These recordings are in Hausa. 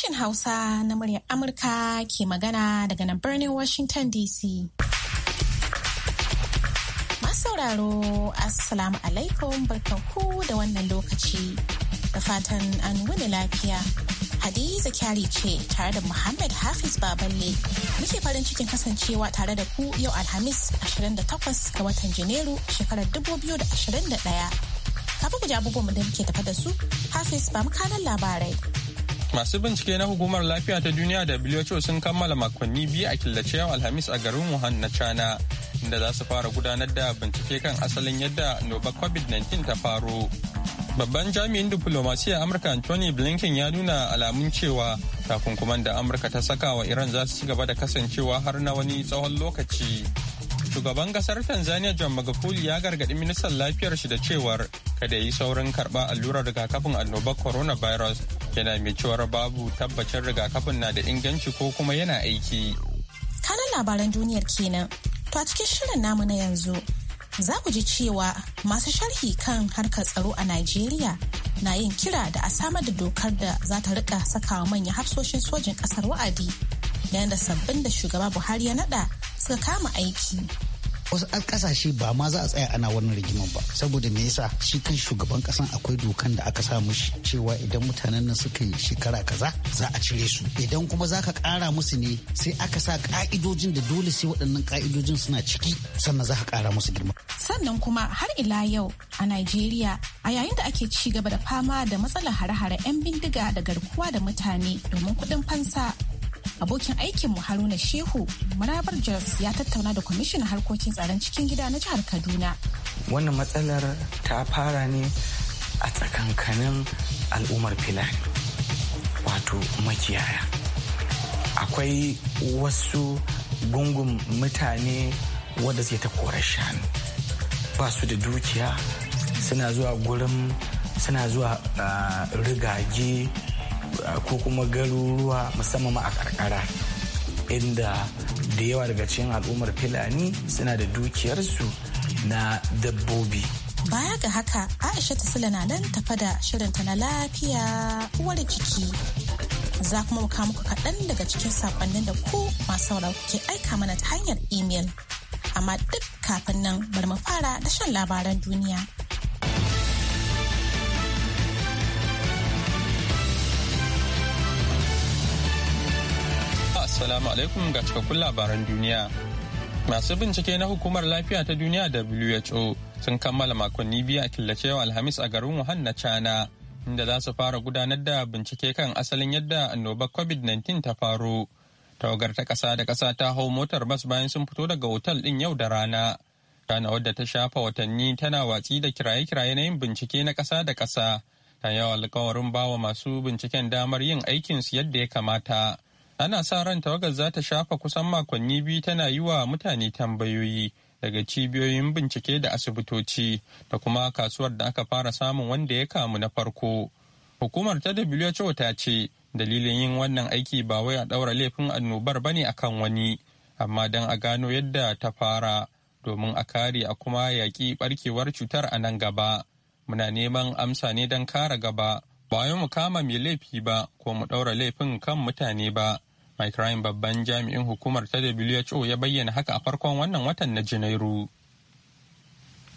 Sashen Hausa na muryar Amurka ke magana daga nan birnin Washington DC. sauraro Assalamu alaikum barkanku da wannan lokaci. Da fatan an wuni lafiya. Hadiza kyari ce tare da Muhammad Hafiz Baballe. Muke farin cikin kasancewa tare da ku yau Alhamis 28 ga watan Janairu shekarar 2021. Kafin ku ji abubuwan da muke tafa da su, Hafiz ba mu kanan labarai. Masu bincike na hukumar lafiya ta duniya da WHO sun kammala makonni biyu a killace yau Alhamis a garin Wuhan na China, inda za su fara gudanar da bincike kan asalin yadda nobar COVID-19 ta faro. Babban jami'in diplomasiya Amurka Anthony Blinken ya nuna alamun cewa takunkuman da Amurka ta saka wa Iran za su ci gaba da kasancewa har na wani tsawon lokaci. Shugaban kasar Tanzania John Magufuli ya gargaɗi ministan lafiyar shi da cewar kada yi saurin karɓa allurar rigakafin annobar coronavirus yana mai cewar babu tabbacin rigakafin na da inganci ko kuma yana aiki. Kanan labaran duniyar kenan. To a cikin shirin namu na yanzu za ku ji cewa masu sharhi kan harkar tsaro a Najeriya na yin kira da a samar da dokar da za ta rika sakawa manyan hafsoshin sojin kasar wa'adi da yadda sabbin da shugaba Buhari ya nada suka kama aiki. wasu kasashe ba ma za a tsaya ana wannan rigimar ba saboda me yasa shi kan shugaban kasan akwai dokan da aka sa mushi cewa idan mutanen nan suka yi shekara kaza za a cire su idan kuma za ka kara musu ne sai aka sa ka'idojin da dole sai waɗannan ka'idojin suna ciki sannan za ka kara musu girma sannan kuma har ila yau a Najeriya a yayin da ake ci gaba da fama da matsalar hare-hare 'yan bindiga da garkuwa da mutane domin kuɗin fansa Abokin aikinmu Haruna Shehu Marabar Jos ya tattauna da kwamishin harkokin tsaron cikin gida na jihar Kaduna. Wannan matsalar ta fara ne a tsakankanin al'ummar Filani wato makiyaya. Akwai wasu gungun mutane wanda zai ta korar shanu ba su da dukiya suna zuwa gurin suna zuwa ah, rigage ko kuma garuruwa musamman a karkara inda da yawa daga cikin al'ummar filani suna da dukiyarsu na dabbobi baya ga haka aisha ta sula na nan tafa da shirinta na lafiya uwar jiki za kuma muka muku kaɗan daga cikin saƙonnin da ku masu kuke aika mana ta hanyar imel amma duk kafin nan bari mu fara da shan labaran duniya Assalamu alaikum ga cikakkun labaran duniya. Masu bincike na hukumar lafiya ta duniya WHO sun kammala makonni biyu a killacewa Alhamis a garin Wuhan na China, inda za su fara gudanar da bincike kan asalin yadda annobar COVID-19 ta faro. Tawagar ta ƙasa da kasa ta hau motar bas bayan sun fito daga otal ɗin yau da rana. rana wadda ta shafa watanni tana watsi da kiraye-kiraye na yin bincike na kasa da ƙasa. Ta yawa alkawarin bawa masu binciken damar yin aikinsu yadda ya kamata. ana sa ran tawagar za ta shafa kusan makonni biyu tana yi wa mutane tambayoyi daga cibiyoyin bincike da asibitoci da kuma kasuwar da aka fara samun wanda ya kamu na farko hukumar ta who ta ce dalilin yin wannan aiki ba wai a ɗaura laifin annobar ba ne akan wani amma don a gano yadda ta fara domin a kare a kuma yaƙi barkewar cutar a nan gaba muna neman amsa ne don kare gaba ba mu kama mai laifi ba ko mu ɗaura laifin kan mutane ba Mike Ryan babban jami'in hukumar ta WHO ya bayyana haka a farkon wannan watan na Janairu.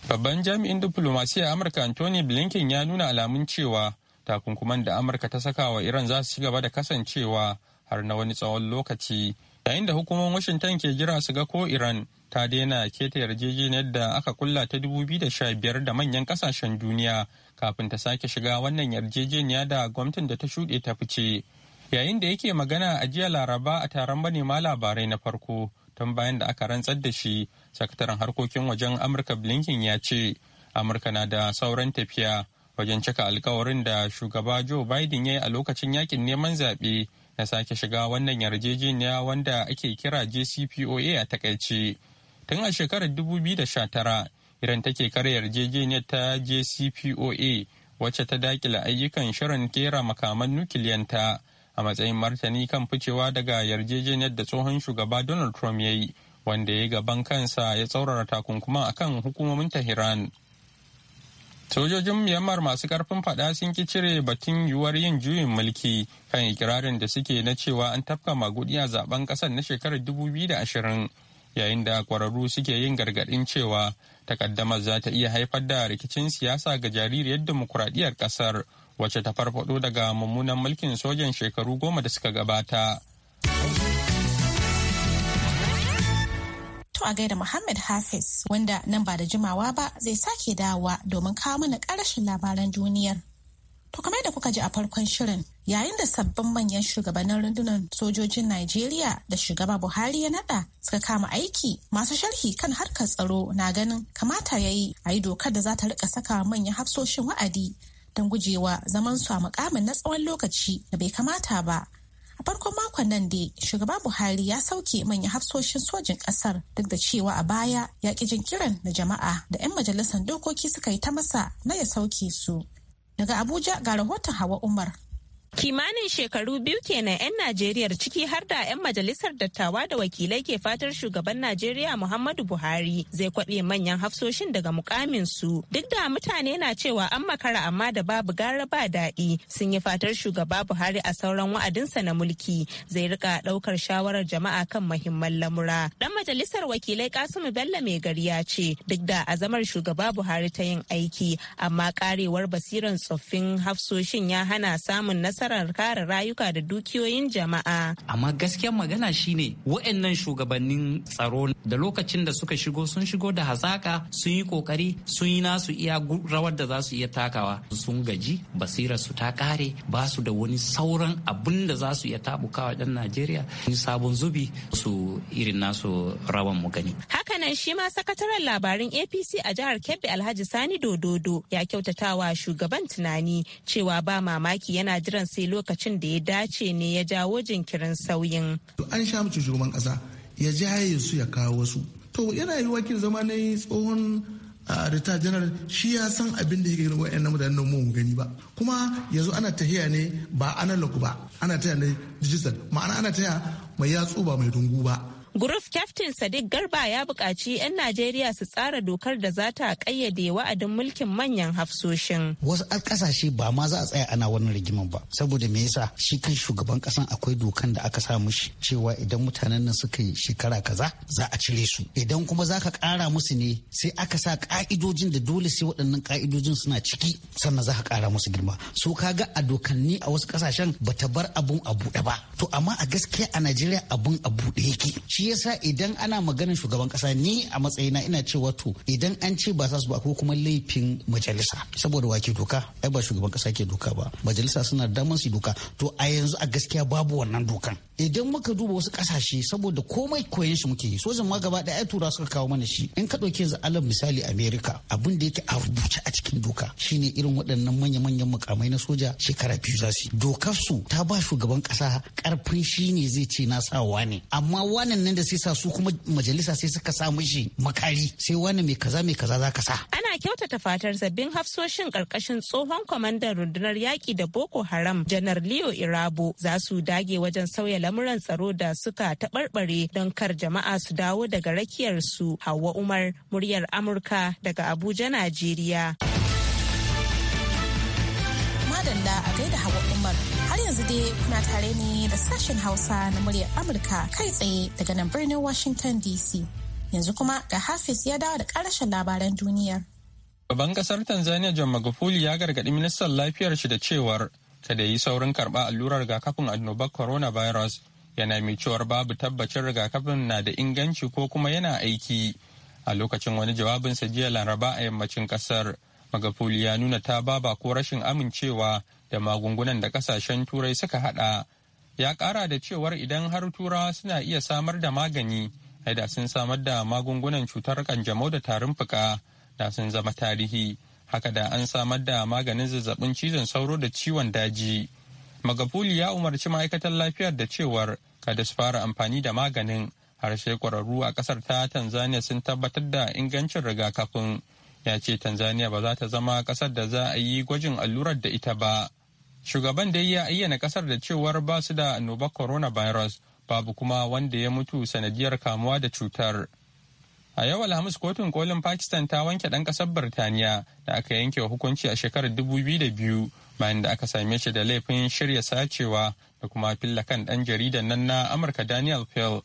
Babban jami'in diplomasiya Amurka Anthony Blinken ya nuna alamun cewa takunkuman da Amurka ta saka wa Iran za su ci gaba da kasancewa har na wani tsawon lokaci yayin da hukumar Washington ke jira su ga ko Iran ta daina keta yarjejeniyar da aka kulla ta 2015 da manyan kasashen duniya kafin ta sake shiga wannan yarjejeniya da gwamnatin da ta shuɗe ta fice. yayin da yake magana a jiya laraba a taron manema labarai na farko tun bayan da aka rantsar da shi sakataren harkokin wajen amurka blinken ya ce amurka na da sauran tafiya wajen cika alkawarin da shugaba joe biden ya yi a lokacin yakin neman zaɓe na sake shiga wannan yarjejeniya wanda ake kira jcpoa a takaice tun a shekarar da 2019 iran take kare yarjejeniyar ta jcpoa wacce ta dakila ayyukan shirin kera makaman nukiliyanta a matsayin martani kan ficewa daga yarjejeniyar da tsohon shugaba Donald Trump ya yi wanda ya gaban kansa ya tsaurara takunkuma a kan hukumomin Tehran. Sojojin Myanmar masu karfin fada sun ki cire batun yiwuwar yin juyin mulki kan ikirarin da suke na cewa an tafka magudi a zaben kasar na shekarar 2020 yayin da kwararru suke yin gargadin cewa takaddamar za ta iya haifar da rikicin siyasa ga jaririyar demokuraɗiyyar kasar. wacce ta farfado daga mummunan mulkin sojan shekaru goma da suka gabata. To a gaida Muhammad Hafiz wanda nan ba da jimawa ba zai sake dawowa domin kawo mana karashin labaran duniyar. To kamar da kuka ji a farkon shirin yayin da sabbin manyan shugabannin rundunar sojojin Najeriya da shugaba Buhari ya nada suka kama aiki masu sharhi kan harkar tsaro na ganin kamata ya yi a yi dokar da za ta rika saka manyan hafsoshin wa'adi don gujewa zaman su a mukamin na tsawon lokaci da bai kamata ba. A farkon makon nan dai shugaba Buhari ya sauke manyan hafsoshin sojin kasar duk da cewa a baya ya ƙi jinkirin da jama'a da 'yan majalisar dokoki suka yi ta masa na ya sauke su. Daga Abuja ga rahoton Hawa Umar Kimanin shekaru biyu kenan 'yan Najeriyar ciki har da 'yan majalisar dattawa da wakilai ke fatar shugaban Najeriya Muhammadu Buhari zai kwaɓe manyan hafsoshin daga mukamin su. Duk da mutane na cewa an makara amma da babu gara ba daɗi sun yi fatar shugaba Buhari a sauran wa'adinsa na mulki zai rika ɗaukar shawarar jama'a kan mahimman lamura. Ɗan majalisar wakilai Kasimu Bello mai gari ya ce duk da azamar shugaba Buhari ta yin aiki amma ƙarewar basiran tsoffin hafsoshin ya hana samun nasara nasarar kare rayuka da dukiyoyin jama'a. Amma gaskiya magana shine wa'annan shugabannin tsaro da lokacin da suka shigo sun shigo da hazaka sun yi kokari sun yi nasu iya rawar da za su iya takawa sun gaji basira su ta kare ba su da wani sauran abin da za su iya tabukawa dan Najeriya ni sabon zubi su irin nasu rawan mu gani. Hakanan shi ma sakataren labarin APC a jihar Kebbi Alhaji Sani Dododo ya kyautatawa shugaban tunani cewa ba mamaki yana jiran sai lokacin da ya dace ne ya jawo jinkirin sauyin. An sha mace shugaban kasa ya jaye su ya kawo wasu. To yana yi wakil zama na tsohon rita janar shi ya san abin da yake gani wa'yan mutanen nan mu gani ba kuma yanzu ana tahiya ne ba analog ba ana tahiya ne digital ma'ana ana tahiya mai yatsu ba mai dungu ba Guruf Captain Sadiq Garba ya buƙaci 'yan Najeriya su tsara dokar da za ta ƙayyade wa'adin mulkin manyan hafsoshin. Wasu ƙasashe ba ma za a tsaya ana wannan rigiman ba. Saboda me yasa shi kan shugaban ƙasan akwai dokan da aka sa mushi cewa idan mutanen nan suka yi shekara kaza za a cire su. Idan kuma za ka ƙara musu ne sai aka sa ƙa'idojin da dole sai waɗannan ƙa'idojin suna ciki sannan za ka ƙara musu girma. So ka ga a dokanni a wasu ƙasashen ba ta bar abun a buɗe ba. To amma a gaskiya a Najeriya abun a buɗe yake. Shi shi yasa idan ana maganar shugaban kasa ni a matsayina ina cewa to idan an ce ba za su ba ko kuma laifin majalisa saboda wake doka ai ba shugaban kasa ke doka ba majalisa suna damar su doka to a yanzu a gaskiya babu wannan dokan idan muka duba wasu kasashe saboda komai koyon shi muke yi sojan ma gaba daya tura suka kawo mana shi in ka dauke yanzu alal misali america abin da yake a rubuce a cikin doka shine irin waɗannan manya-manyan mukamai na soja shekara biyu za su dokar su ta ba shugaban kasa karfin shine zai ce na sa wane amma wannan mutanen da sai sa su kuma majalisa sai suka sa mishi makari sai wani mai kaza mai kaza za ka sa. Ana kyautata fatar sabbin hafsoshin karkashin tsohon kwamandan rundunar yaƙi da Boko Haram janar Leo Irabo za su dage wajen sauya lamuran tsaro da suka taɓarɓare don kar jama'a su dawo daga rakiyar su Hauwa Umar muryar Amurka daga Abuja Najeriya. gobe kuna tare ne da sashen Hausa na muryar Amurka kai tsaye daga nan birnin Washington DC. Yanzu kuma ga Hafiz ya dawo da karashen labaran duniya Babban kasar Tanzania John Magufuli ya gargaɗi ministan lafiyar shi da cewar kada yi saurin karɓa allurar rigakafin annobar coronavirus yana mai cewar babu tabbacin rigakafin na da inganci ko kuma yana aiki a lokacin wani jawabinsa jiya laraba a yammacin kasar. magafuli ya nuna ta baba ko rashin amincewa da magungunan da kasashen turai suka hada ya kara da cewar idan har turawa suna iya samar da magani da sun samar da magungunan cutar kanjamau da tarin fuka da sun zama tarihi haka da an samar da maganin zazzabin cizon sauro da ciwon daji magafuli ya umarci ma'aikatan lafiyar da cewar kada su fara amfani da maganin har sai kwararru a kasar ta tanzania sun tabbatar da ingancin rigakafin ya ce tanzania ba za ta zama kasar da za a yi gwajin allurar da ita ba shugaban da ya ayyana kasar da cewar ba su da annobar coronavirus babu kuma wanda ya mutu sanadiyar kamuwa da cutar a yau alhamis kotun kolin pakistan ta wanke dan kasar birtaniya da aka yanke hukunci a shekarar 2002 bayan da aka same shi da laifin shirya sacewa da kuma filla kan dan jaridan nan na amurka daniel pell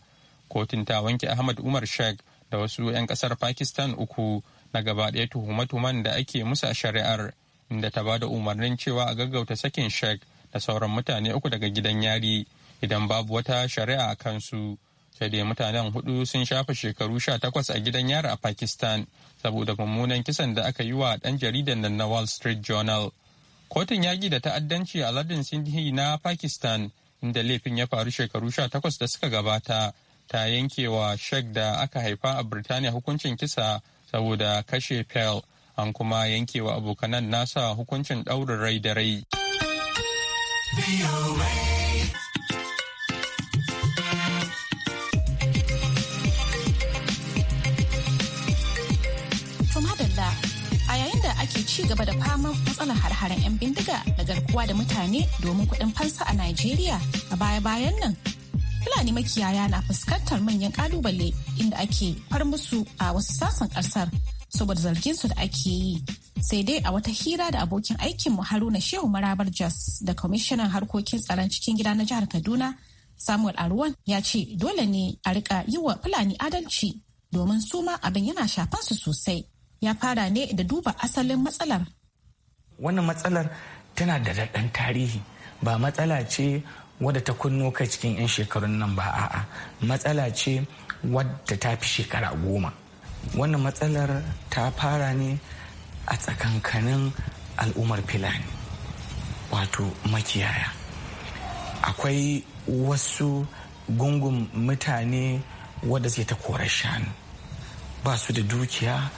kotun ta wanke ahmad umar sheikh da wasu 'yan kasar pakistan uku na gaba ɗaya tuhume-tuhumen da ake musu a shari'ar inda ta ba da umarnin cewa a gaggauta sakin shek da sauran mutane uku daga gidan yari idan babu wata shari'a a kansu sai dai mutanen hudu sun shafa shekaru sha takwas a gidan yari a pakistan saboda mummunan kisan da aka yi wa ɗan jaridan nan na wall street journal kotun yaƙi da ta'addanci a lardin sindhi na pakistan inda laifin ya faru shekaru sha takwas da suka gabata ta yanke wa shek da aka haifa a birtaniya hukuncin kisa saboda kashe Pell an kuma yankewa abokanan nasa hukuncin ɗaurin rai da rai. ake ci gaba da faman matsalar har-haren 'yan bindiga da garkuwa da mutane domin kuɗin fansa a Najeriya a baya-bayan nan Fulani makiyaya na fuskantar manyan kalubale inda ake far musu a wasu sasan ƙasar saboda zargin su da ake yi. Sai dai a wata hira da abokin aikin aikinmu Haruna Shehu Marabar Jos da kwamishinan harkokin tsaron cikin gida na jihar Kaduna Samuel Aruwan ya ce dole ne a rika yi wa Fulani adalci domin su ma abin yana shafan su sosai. Ya fara ne da duba asalin matsalar. Wannan matsalar tana da daɗan tarihi ba matsala ce wadda ta kunno ka cikin 'yan shekarun nan ba a'a matsala ce wadda ta fi shekara goma wannan matsalar ta fara ne a tsakankanin al'ummar filani wato makiyaya akwai wasu gungun mutane wadda suke ta korar shanu ba su da dukiya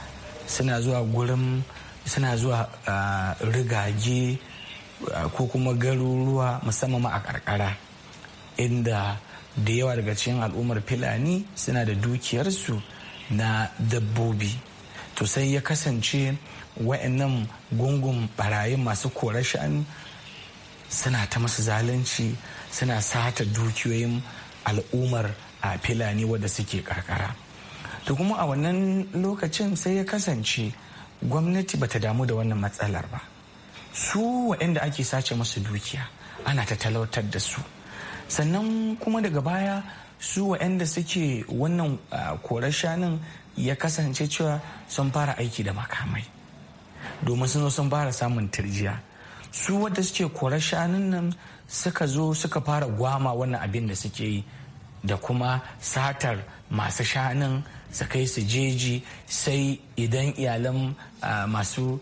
suna zuwa gurin suna zuwa ah, rigage ko kuma garuruwa musamman a karkara inda da yawa daga cikin al'ummar filani suna da dukiyarsu na dabbobi to sai ya kasance wa'annan gungun barayin masu kore shanu suna ta masu zalunci suna sata dukiyoyin al'ummar a filani wadda suke karkara to kuma a wannan lokacin sai ya kasance gwamnati bata damu da wannan matsalar ba su waɗanda ake sace masu dukiya ana ta talautar da su sannan kuma daga baya su waɗanda suke wannan korar shanun ya kasance cewa sun fara aiki da makamai domin sun zo sun fara samun turjiya su wadda suke korar shanun nan suka zo suka fara gwama wannan abin da suke yi da kuma satar masu shanun su kai su jeji sai idan iyalan masu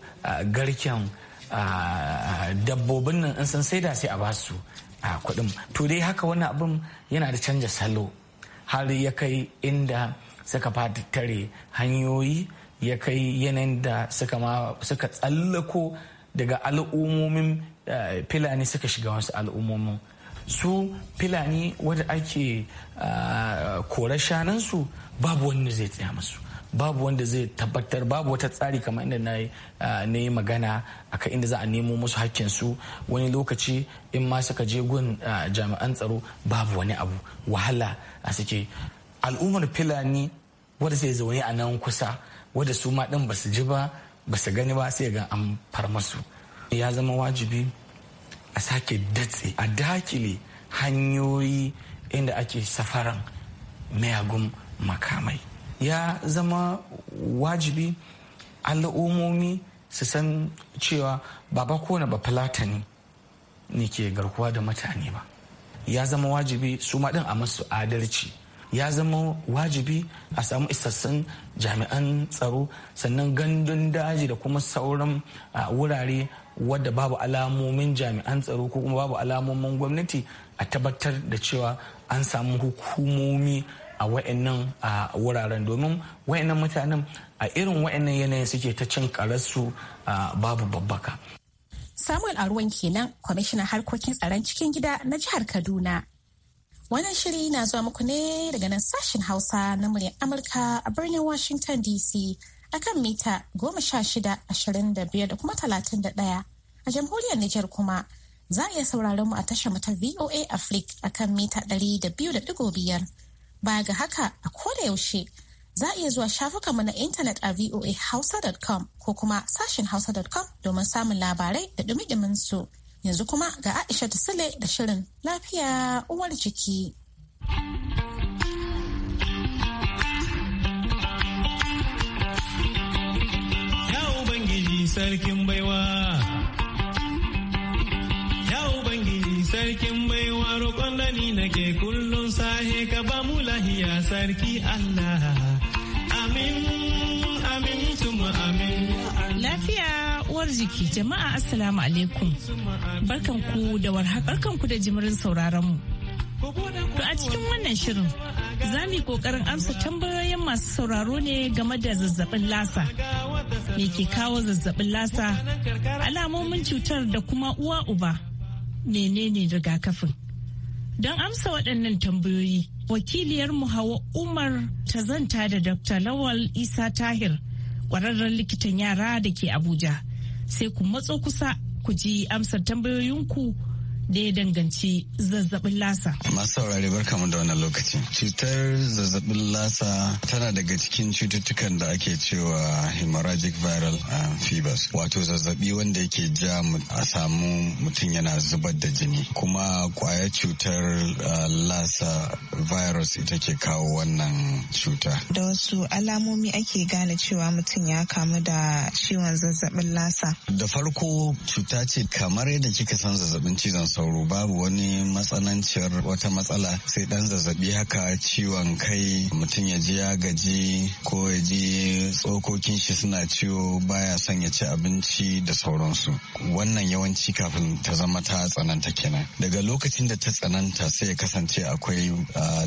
garken dabbobin nan in san sai da sai a basu a kuɗin to dai haka wani abin yana da canja salo har ya kai inda suka fata tare hanyoyi ya kai yanayin da suka tsallako daga al'ummomin filani suka shiga wasu al'ummomin su filani wadda ake kore shanansu babu wani zai tsaya musu babu wanda zai tabbatar babu wata tsari kamar inda na yi magana aka inda za a nemo musu su wani lokaci in ma suka je gun jami'an tsaro babu wani abu wahala a suke al'ummar filani wadda sai zaune a nan kusa wadda su ma ɗin basu ji ba ba gani ba sai ga an far masu ya zama wajibi a sake datse a dakile hanyoyi inda ake safaran miyagun makamai ya zama wajibi al'ummomi su san cewa baba kona ba ne ne ke garkuwa da mutane ba ya zama wajibi su maɗin a masu adalci ya zama wajibi a samu isassun jami'an tsaro sannan gandun daji da kuma sauran wurare wadda babu alamomin jami'an tsaro ko kuma babu alamomin gwamnati a tabbatar da cewa an samu hukumomi a wa'annan a wuraren domin wa'annan mutanen a irin wa'annan yanayin suke ta cin kararsu babu babbaka. Samuel Aruwan kenan kwamishinan harkokin tsaron cikin gida na jihar Kaduna. Wannan shiri na zuwa muku ne daga nan sashen Hausa na muryar Amurka a birnin Washington DC akan mita goma sha shida ashirin da da kuma talatin da ɗaya a jamhuriyar Nijar kuma za a iya sauraron mu a tashar mu ta VOA Africa akan mita ɗari da biyar. Baya ga haka a koda yaushe za a iya zuwa shafukanmu na intanet a voahausa.com ko kuma sashen hausa.com domin samun labarai da dumi su. Yanzu kuma ga Aisha Sule da shirin lafiya uwar jiki. sarkin baiwa. Ya Ubangiji sarkin baiwa roƙon da ni nake kula. ka ba mu lahiya sarki Allah. Amin, amin, tuma amin. Lafiya uwar jiki jama'a assalamu alaikum. Barkanku da warhaka barkanku da jimirin sauraron mu. To a cikin wannan shirin za mu yi kokarin amsa tambayoyin masu sauraro ne game da zazzabin lasa. Me ke kawo zazzabin lasa? Alamomin cutar da kuma uwa uba. Menene rigakafin? Don amsa waɗannan tambayoyi, wakiliyar mu Hawa Umar ta zanta da Dr. Lawal Isa Tahir, ƙwararren likitan yara da ke Abuja. Sai ku matso kusa ku ji amsar tambayoyinku da ya danganci zazzabin lasa. Masu saurare bar kamar da wannan lokaci. Cutar zazzabin lasa tana daga cikin cututtukan da ake cewa hemorrhagic viral uh, fevers wato zazzabi wanda yake ja a samu mutum yana zubar da jini kuma kwaya cutar uh, lasa virus ita ke kawo wannan cuta. Da wasu alamomi ake gane cewa mutum ya kamu da ciwon zazzabin lasa. Da farko cuta ce kamar yadda kika san zazzabin cizon sauro babu wani matsananciyar wata matsala sai dan zazzabi haka ciwon kai mutum ya ji ya gaji ko ya ji tsokokin shi suna ciwo baya son ya ci abinci da sauransu wannan yawanci kafin ta zama ta tsananta kenan daga lokacin da ta tsananta sai ya kasance akwai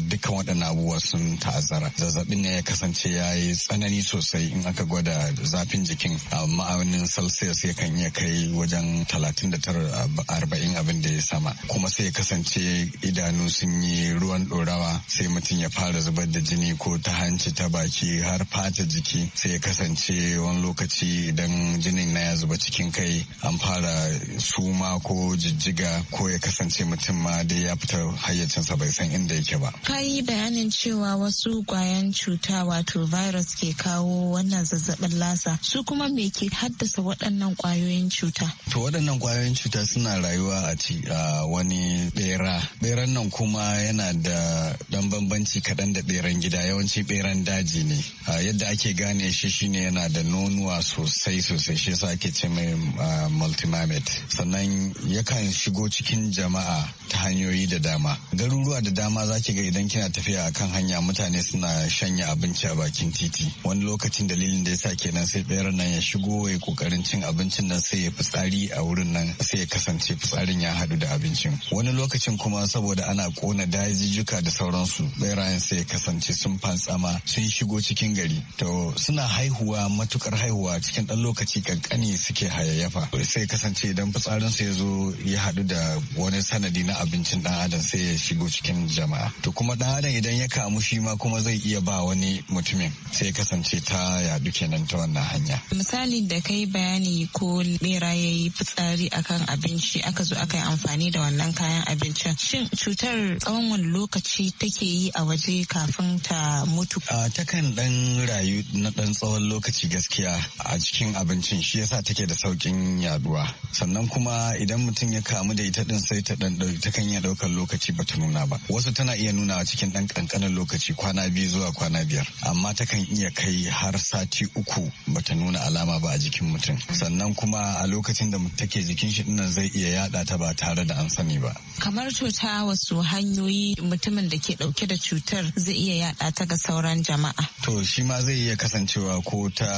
dukkan waɗannan abubuwa sun ta'azzara zazzabin ne ya kasance ya yi tsanani sosai in aka gwada zafin jikin ma'aunin celsius kan iya kai wajen talatin da tara arba'in abin da ya sama kuma sai ya kasance idanu sun yi ruwan ɗorawa sai mutum ya fara zubar da jini ko ta hanci ta baki har fata jiki sai ya kasance wani lokaci idan jinin na ya zuba cikin kai an fara suma ko jijjiga ko ya kasance mutum ma dai ya fita hayyacinsa bai san inda yake ba. Ka yi bayanin cewa wasu kwayan cuta wato virus ke kawo wannan zazzabin lasa su kuma me ke haddasa waɗannan kwayoyin cuta? To waɗannan kwayoyin cuta suna rayuwa a ci da wani bera beran nan kuma yana da dan bambanci kaɗan da beran gida yawanci beran daji ne ah, yadda ake gane shi shine yana da nonuwa sosai sosai shi yasa ake ce mai ah, multimamet sannan yakan shigo cikin jama'a ta hanyoyi da dama garuruwa da dama za ki ga idan kina tafiya a kan hanya mutane suna shanya abinci a bakin titi wani lokacin dalilin da yasa kenan sai beran nan ya shigo ya kokarin cin abincin nan sai ya fitsari a wurin nan sai ya kasance fitsarin ya hadu. da abincin wani lokacin kuma saboda ana kona dajijjuka da sauransu berayen sai ya kasance sun fantsama sun shigo cikin gari to suna haihuwa matukar haihuwa cikin dan lokaci kankani suke hayayyafa sai kasance idan su ya zo ya hadu da wani sanadi na abincin dan adam sai ya shigo cikin jama'a to kuma dan adam idan ya kamu shi ma kuma zai iya ba wani mutumin sai ya kasance ta ya duke nan ta wannan hanya misali da kai bayani ko bera yi fitsari akan abinci aka zo aka yi amfani da wannan kayan abincin shin cutar tsawon wani lokaci take yi a waje kafin ta mutu ta takan dan rayu na dan tsawon lokaci gaskiya a cikin abincin shi yasa take da saukin yaduwa sannan kuma idan mutum ya kamu da ita din sai ta dan kan iya daukar lokaci ba ta nuna ba wasu tana iya nuna cikin dan kankanin lokaci kwana biyu zuwa kwana biyar amma ta kan iya kai har sati uku bata nuna alama ba a jikin mutum sannan kuma a lokacin da take jikin shi dinnan zai iya yada ta ba ta tare da an sani ba. Kamar cuta wasu hanyoyi mutumin da ke dauke da cutar zai iya yada ta ga sauran jama'a. To shi ma zai iya kasancewa ko ta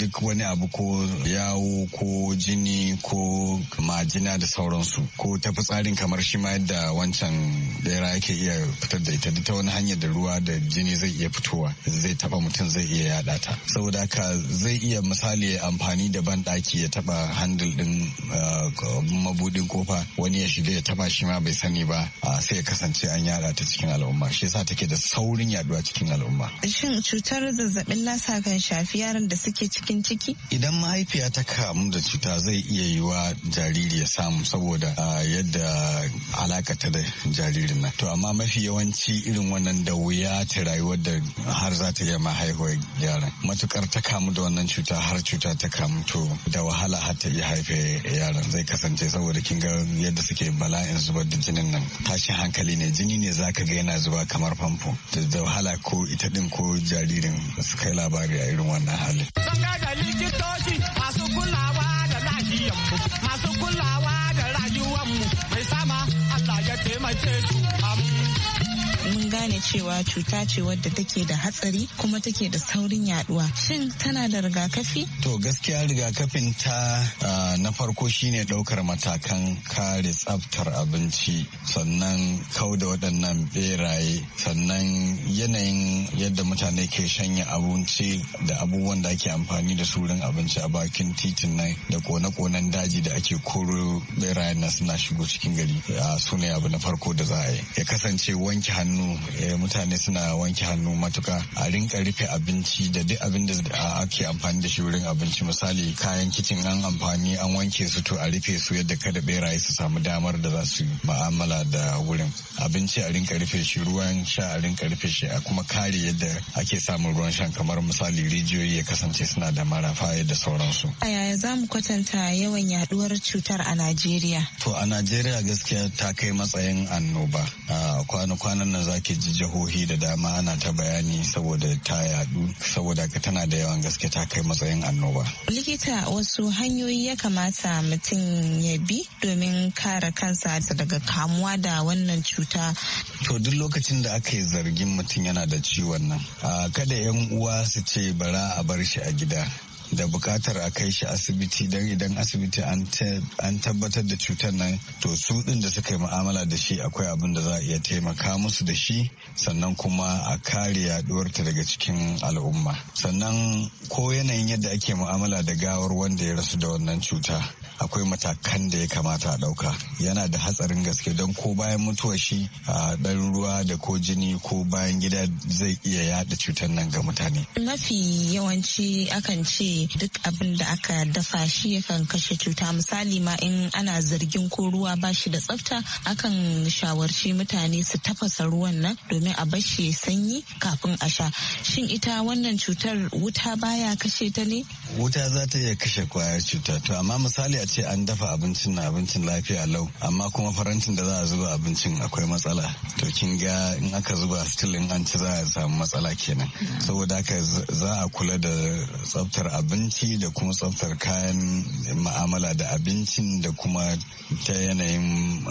duk wani abu ko yawo ko jini ko majina da sauransu ko ta fitsarin kamar shi ma yadda wancan bera yake iya fitar da ita ta wani hanyar da ruwa da jini zai iya fitowa zai taba mutum zai iya yada ta saboda haka zai iya misali amfani da ban daki ya taba handle din eh, mabudin kofa wani ya shiga ya taba shi ma bai sani ba sai ya kasance an yada ta cikin al'umma shi yasa take da saurin yaduwa cikin al'umma shin cutar zazzabin lasa kan shafi yaran da suke cikin ciki idan mahaifiya ta kamu da cuta zai iya yiwa jariri ya samu saboda yadda alakata da jaririn nan to amma mafi yawanci irin wannan da wuya ta rayuwar da har za ta iya mahaifiyar yaran matukar ta kamu da wannan cuta har cuta ta kamu to da wahala har ta iya haife yaran zai kasance saboda kin ga yadda suke bala'in zubar da jinin nan tashin hankali ne jini ne zaka ga yana zuba kamar famfo da wahala ko ita din ko jaririn su kai labari a irin wannan hali. likitoci masu kulawa da lahiyanmu masu kulawa da mu mai sama Allah ya taimake su gane cewa cuta ce wadda take da hatsari kuma take da saurin yaduwa shin tana da rigakafi to gaskiya rigakafin ta na farko shine daukar matakan kare tsaftar abinci sannan kau da waɗannan beraye sannan yanayin yadda mutane ke shanya abinci da abubuwan da ake amfani da su abinci a bakin titin nan da kone-konen daji da ake koro berayen na suna shigo cikin gari su ne abu na farko da za a yi ya kasance wanke hannu Eh, mutane suna wanke hannu matuka a rinka rufe abinci da duk abin da ake amfani da shi wurin abinci misali kayan kicin an amfani an wanke su to a rufe su yadda kada beraye su samu damar da za su ma'amala da wurin abinci a rinka rufe shi ruwan sha a rinka rufe shi a kuma kare yadda ake samun ruwan shan kamar misali rijiyoyi ya kasance suna da marafa da sauransu. A yaya za mu kwatanta yawan yaduwar cutar a Najeriya? To a Najeriya gaskiya ta kai matsayin annoba. Kwana-kwanan nan za ake ji jihohi da dama ana ta bayani saboda ta yadu saboda ka tana da yawan gaske ta kai matsayin annoba. Likita wasu hanyoyi ya kamata mutum ya bi domin kare kansa daga kamuwa da wannan cuta. To duk lokacin da aka yi zargin mutum yana da ciwon nan, kada 'yan uwa su ce bara a bar shi a gida. da bukatar a kai shi asibiti don idan asibiti an tabbatar da cutar nan to su din da suka yi mu'amala da shi akwai abin da za a iya taimaka musu da shi sannan kuma a kare yaduwar ta daga cikin al'umma sannan ko yanayin yadda ake mu'amala da gawar wanda ya rasu da wannan cuta akwai matakan da ya kamata a ɗauka yana da hatsarin gaske don ko bayan mutuwa shi a ɗan ruwa da ko jini ko bayan gida zai iya yada cutar nan ga mutane. Mafi yawanci akan ce duk abin da aka dafa shi yakan kashe cuta misali ma in ana zargin ko ruwa ba shi da tsafta akan shawarci mutane su tafasa ruwan nan domin a bar shi sanyi kafin a sha. Shin ita wannan cutar wuta baya kashe ta ne? Wuta za ta iya kashe kwayar cuta to amma misali ce an dafa abincin na abincin lafiya lau amma kuma farantin da za a zuba abincin akwai matsala to kin ga in aka zuba still in an ci za a samu matsala kenan saboda haka za a kula da tsaftar abinci da kuma tsaftar kayan ma'amala da abincin da kuma ta yanayin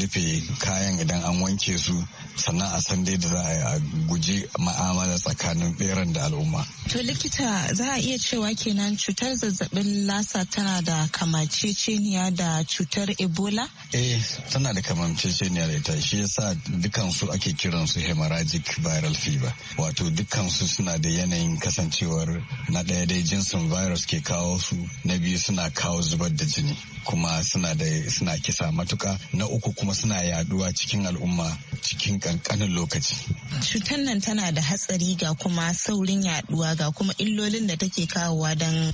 rufe kayan idan an wanke su sannan a san dai da za a guji ma'amala tsakanin beran da al'umma to likita za a iya cewa kenan cutar zazzabin lasa tana da kamaci kamanceceniya da cutar ebola? eh tana da kamanceceniya da ita shi yasa dukansu ake kiransu hemorrhagic viral fever wato dukansu suna da yanayin kasancewar na ɗaya dai jinsin virus ke kawo su na biyu suna kawo zubar da jini kuma suna da suna kisa matuka na uku kuma suna yaduwa cikin al'umma cikin kankanin lokaci. Cutar nan tana da hatsari ga kuma saurin yaduwa ga kuma illolin da take kawowa don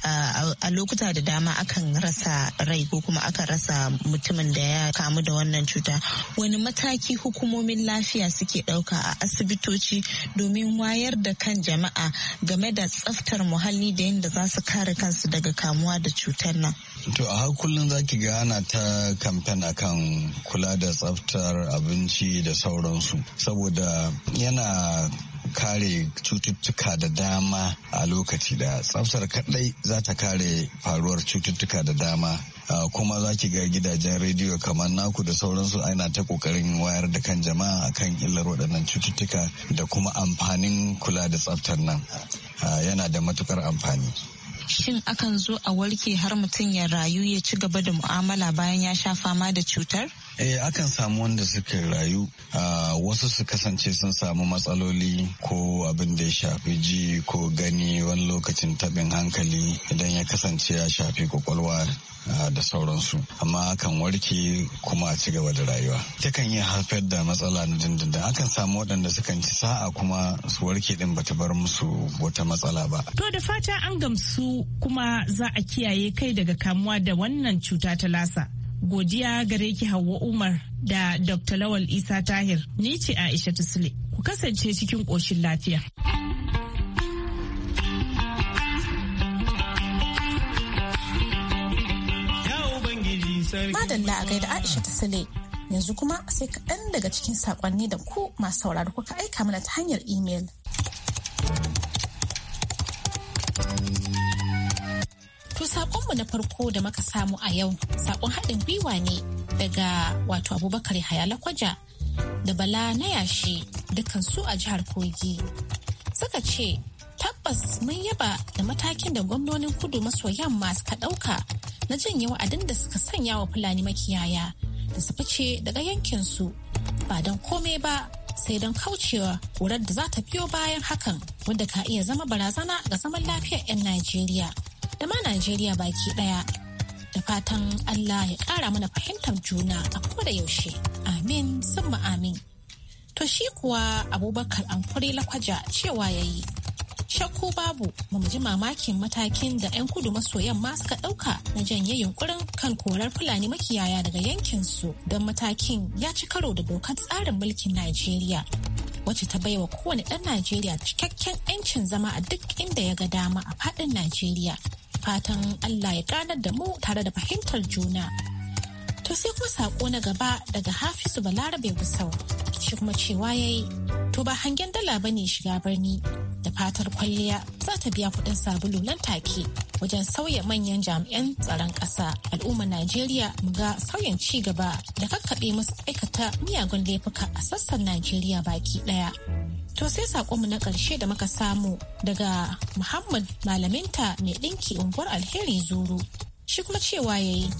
a lokuta da dama akan rasa rai ko kuma aka rasa mutumin da ya kamu da wannan cuta wani mataki hukumomin lafiya suke ɗauka a asibitoci domin wayar da kan jama'a game da tsaftar muhalli da yadda za su kare kansu daga kamuwa da cutar nan. To a har kullum za ki ga ta kamfen akan kula da tsaftar abinci da sauransu saboda yana kare cututtuka da dama a lokaci da tsaftar kadai za ta kare faruwar cututtuka da dama kuma za ki ga gidajen rediyo kamar naku da sauransu ana ta kokarin wayar da kan jama'a a kan illar waɗannan cututtuka da kuma amfanin kula da tsaftar nan yana da matukar amfani shin akan zo a warke har mutum ya rayu ya ci gaba da mu'amala bayan ya sha fama da cutar Eh akan samu wanda suka rayu a wasu su kasance sun samu matsaloli ko abin da ya shafi ji ko gani wani lokacin tabin hankali idan ya kasance ya shafi kwakwalwa da sauransu amma akan warke kuma a ci gaba da rayuwa. Takan yi haifar da matsala na dindindin akan samu waɗanda sukan ci sa'a kuma su warke din bata bar musu wata matsala ba. To da fata an gamsu kuma za a kiyaye kai daga kamuwa da wannan cuta ta lasa. Godiya gare ki Hauwa Umar da Dr. Lawal Isa Tahir. Ni ce Aisha Tusle. Ku kasance cikin ƙoshin lafiya. Madalla a gaida Aisha Tusle. Yanzu kuma sai kaɗan daga cikin saƙonni da ku masu sauraro kuka aika mana ta hanyar imel. saƙonmu na farko da muka samu a yau saƙon haɗin gwiwa ne daga wato abubakar hayala kwaja da bala na yashi dukkan su a jihar kogi suka ce tabbas mun yaba da matakin da gwamnonin kudu maso yamma suka ɗauka na janye wa'adin da suka sanya wa fulani makiyaya da su fice daga yankinsu ba don komai ba sai don kaucewa ƙurar da za ta biyo bayan hakan wadda ka iya zama barazana ga zaman lafiyar 'yan najeriya da ma Najeriya baki ɗaya. Da fatan Allah ya ƙara mana fahimtar juna a koda yaushe. Amin, summa amin. To shi kuwa abubakar amfuri lakwaja cewa ya yi. Shakku babu ba mu ji mamakin matakin da 'yan kudu maso yamma suka ɗauka na janye yunkurin kan korar Fulani makiyaya daga yankinsu don matakin ya ci karo da dokar tsarin mulkin Najeriya. Wacce ta baiwa kowane ɗan Najeriya cikakken 'yancin zama a duk inda ya ga dama a faɗin Najeriya fatan Allah ya ganar da mu tare da fahimtar juna. To sai kuma saƙo na gaba daga Hafizu Balarabe Gusau shi kuma cewa ya yi to ba hangen dala ba ne shiga birni da fatar kwalliya za ta biya kuɗin sabulu nan take wajen sauya manyan jami'an tsaron ƙasa al'ummar Najeriya mu ga sauyin ci gaba da kakkaɓe musu aikata miyagun laifuka a sassan Najeriya baki ɗaya. To sai sakonmu na ƙarshe da muka samu daga Muhammad malaminta mai ɗinki unguwar alheri zuru. Shi kuma cewa yayi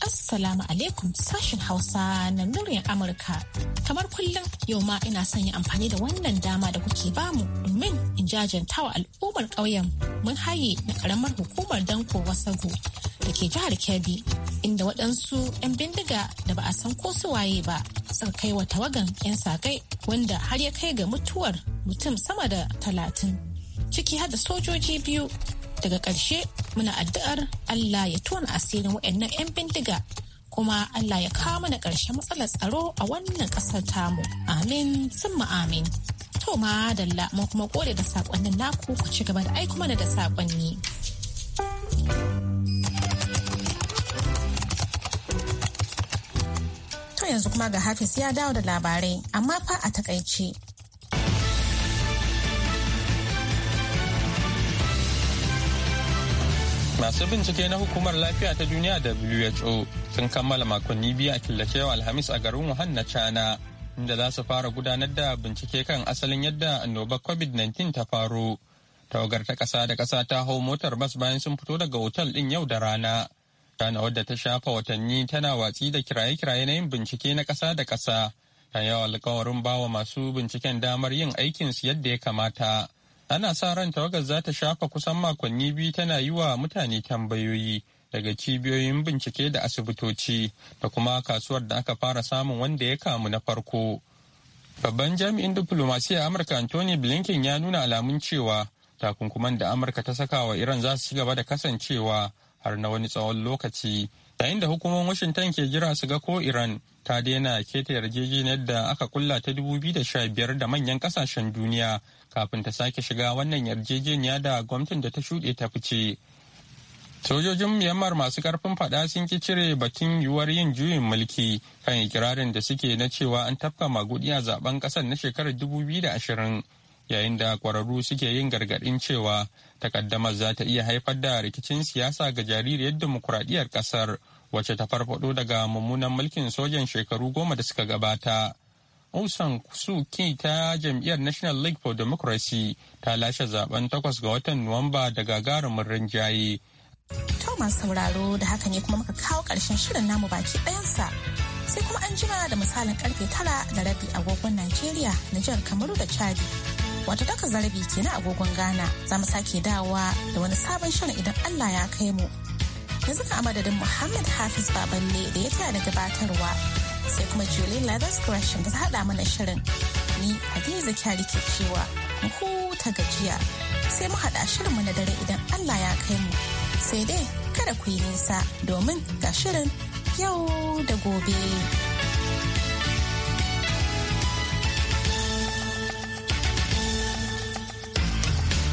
Assalamu alaikum sashen Hausa na muryar Amurka. Kamar kullum yau ma ina son yi amfani da wannan dama da kuke bamu domin in jajanta wa al'ummar ƙauyen mun haye na ƙaramar hukumar danko wasago da ke jihar Kebbi inda waɗansu 'yan bindiga da ba a san ko su waye ba suka kai wa tawagan 'yan sakai wanda har ya kai ga mutuwar mutum sama da talatin ciki har da sojoji biyu daga ƙarshe muna addu'ar allah ya tona asirin waɗannan 'yan bindiga kuma allah ya kawo mana ƙarshen matsalar tsaro a wannan ƙasar tamu amin sun amin to ma dalla mun kuma kore da saƙonnin naku ku ci gaba da aiko mana da saƙonni to yanzu kuma ga hafiz ya dawo da labarai amma fa a takaice masu bincike na hukumar lafiya ta duniya who sun kammala makonni biyu a killacewa alhamis a garin wuhan na china inda za su fara gudanar da bincike kan asalin yadda annobar covid-19 ta faru, tawagar ta kasa da kasa ta hau motar bas bayan sun fito daga otal din yau da rana Tana wadda ta shafa watanni tana watsi da kiraye-kiraye na yin bincike na kasa da kasa, ta yawa alkawarin bawa masu binciken damar yin aikinsu yadda ya kamata ana sa ran tawagar za ta shafa kusan makonni biyu tana yi wa mutane tambayoyi daga cibiyoyin bincike da asibitoci da kuma kasuwar da aka fara samun wanda ya kamu na farko babban jami'in diplomasiyya amurka anthony blinken ya nuna alamun cewa takunkuman da amurka ta saka wa iran za su ci gaba da kasancewa har na wani tsawon lokaci yayin da hukumomin washington ke jira su ga ko iran ta daina keta yarjejeniyar da aka kulla ta dubu 2015 da manyan kasashen duniya kafin ta sake shiga wannan yarjejeniya da gwamnatin da ta shuɗe ta fice. Sojojin Myanmar masu karfin fada sun ki cire batun yiwuwar yin juyin mulki kan ikirarin da suke na cewa an tafka magudi a zaben ƙasar na shekarar dubu biyu da ashirin yayin da ƙwararru suke yin gargaɗin cewa takaddamar za ta iya haifar da rikicin siyasa ga jaririyar dimokuraɗiyar ƙasar wacce ta farfaɗo daga mummunan mulkin sojan shekaru goma da suka gabata. Usan Suu Kyi ta jam'iyyar National League for Democracy ta lashe zaben takwas ga watan Nuwamba da gagarumin rinjaye. Thomas sauraro da haka ne kuma muka kawo ƙarshen shirin namu baki ɗayansa. Sai kuma an jima da misalin karfe tara da rabi agogon Najeriya, jihar Kamaru da Chadi. Wato daga zarabi ke na agogon Ghana za mu sake dawowa da wani sabon shirin idan Allah ya kai mu. Yanzu a madadin Muhammad Hafiz Baballe da ya taya da gabatarwa. sai kuma Julie Leathers Gresham da ta haɗa mana shirin. Ni Hadiza Kyari ke cewa mu huta gajiya sai mu haɗa mu na dare idan Allah ya kai mu. Sai dai kada ku yi nisa domin ga shirin yau da gobe.